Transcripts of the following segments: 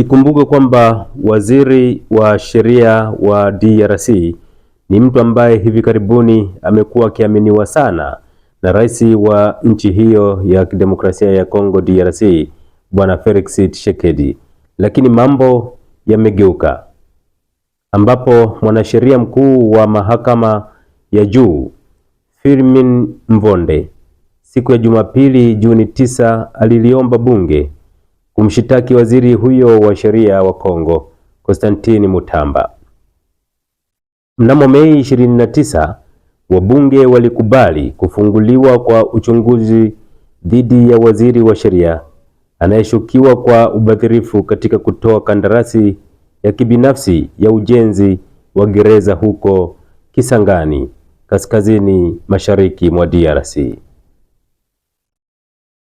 Ikumbuke kwamba waziri wa sheria wa DRC ni mtu ambaye hivi karibuni amekuwa akiaminiwa sana na rais wa nchi hiyo ya kidemokrasia ya Kongo DRC Bwana Felix Tshisekedi, lakini mambo yamegeuka, ambapo mwanasheria mkuu wa mahakama ya juu Firmin Mvonde siku ya Jumapili Juni 9 aliliomba bunge kumshitaki waziri huyo wa sheria wa Kongo Konstantini Mutamba. Mnamo Mei 29 wabunge walikubali kufunguliwa kwa uchunguzi dhidi ya waziri wa sheria anayeshukiwa kwa ubadhirifu katika kutoa kandarasi ya kibinafsi ya ujenzi wa gereza huko Kisangani kaskazini mashariki mwa DRC.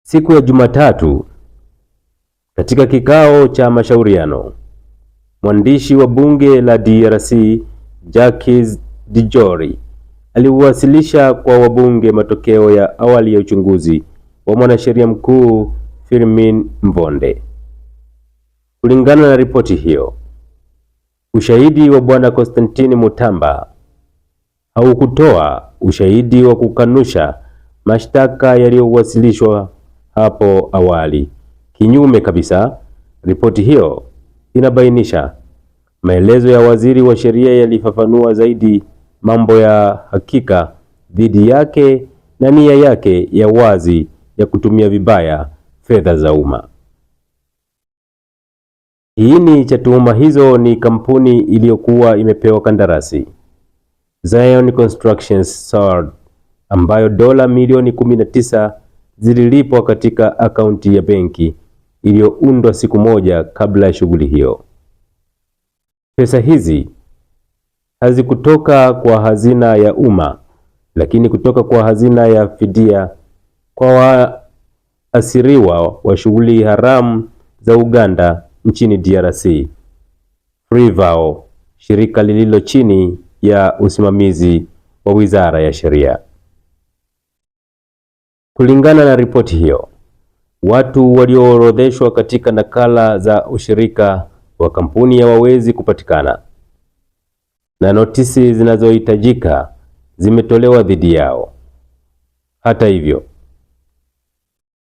Siku ya Jumatatu katika kikao cha mashauriano, mwandishi wa bunge la DRC Jacques Dijori aliwasilisha kwa wabunge matokeo ya awali ya uchunguzi wa mwanasheria mkuu Firmin Mvonde. Kulingana na ripoti hiyo, ushahidi wa bwana Konstantini Mutamba haukutoa ushahidi wa kukanusha mashtaka yaliyowasilishwa hapo awali Kinyume kabisa, ripoti hiyo inabainisha maelezo ya waziri wa sheria yalifafanua zaidi mambo ya hakika dhidi yake na nia yake ya wazi ya kutumia vibaya fedha za umma. Kiini cha tuhuma hizo ni kampuni iliyokuwa imepewa kandarasi Zion Construction Sword, ambayo dola milioni 19 zililipwa katika akaunti ya benki iliyoundwa siku moja kabla ya shughuli hiyo. Pesa hizi hazikutoka kwa hazina ya umma, lakini kutoka kwa hazina ya fidia kwa waasiriwa wa shughuli haramu za Uganda nchini DRC. Frivao, shirika lililo chini ya usimamizi wa Wizara ya Sheria. Kulingana na ripoti hiyo Watu walioorodheshwa katika nakala za ushirika wa kampuni hawawezi kupatikana na notisi zinazohitajika zimetolewa dhidi yao. Hata hivyo,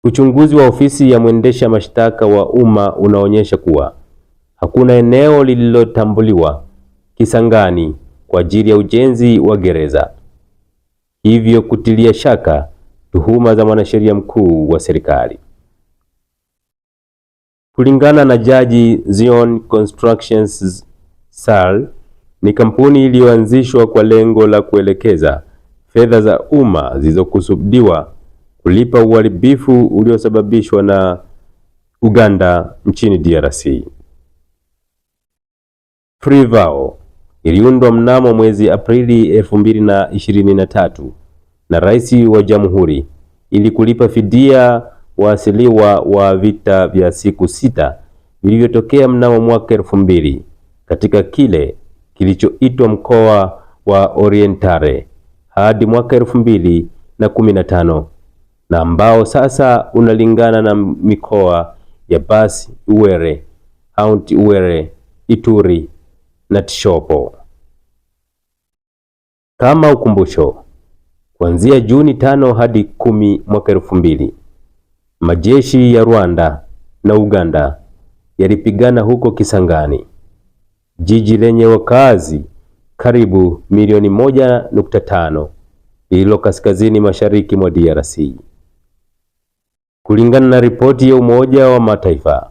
uchunguzi wa ofisi ya mwendesha mashtaka wa umma unaonyesha kuwa hakuna eneo lililotambuliwa Kisangani kwa ajili ya ujenzi wa gereza, hivyo kutilia shaka tuhuma za mwanasheria mkuu wa serikali. Kulingana na Jaji Zion Constructions SAL ni kampuni iliyoanzishwa kwa lengo la kuelekeza fedha za umma zilizokusudiwa kulipa uharibifu uliosababishwa na Uganda nchini DRC. frivao iliundwa mnamo mwezi Aprili 2023 na Rais wa Jamhuri ili kulipa fidia waasiliwa wa vita vya siku sita vilivyotokea mnamo mwaka elfu mbili katika kile kilichoitwa mkoa wa orientare hadi mwaka elfu mbili na kumi na tano na ambao sasa unalingana na mikoa ya Basi, Uwere, Aunti Uwere, Ituri na Tishopo. Kama ukumbusho, kuanzia Juni tano hadi kumi mwaka elfu mbili Majeshi ya Rwanda na Uganda yalipigana huko Kisangani, jiji lenye wakazi karibu milioni moja nukta tano lililo kaskazini mashariki mwa DRC. Kulingana na ripoti ya Umoja wa Mataifa,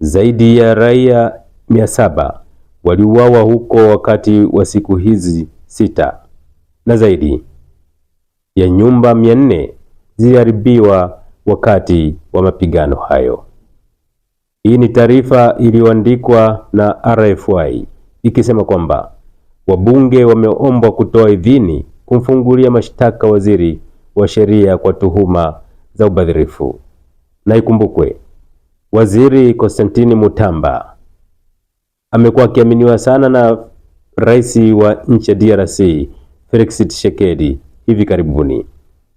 zaidi ya raia mia saba waliuawa huko wakati wa siku hizi sita na zaidi ya nyumba mia nne ziliharibiwa wakati wa mapigano hayo. Hii ni taarifa iliyoandikwa na RFI ikisema kwamba wabunge wameombwa kutoa idhini kumfungulia mashtaka waziri wa sheria kwa tuhuma za ubadhirifu. Na ikumbukwe waziri Konstantini Mutamba amekuwa akiaminiwa sana na rais wa nchi ya DRC Felix Tshisekedi hivi karibuni,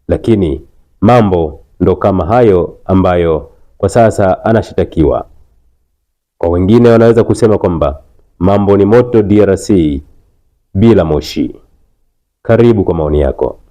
lakini mambo ndo kama hayo ambayo kwa sasa anashitakiwa. Kwa wengine wanaweza kusema kwamba mambo ni moto DRC bila moshi. Karibu kwa maoni yako.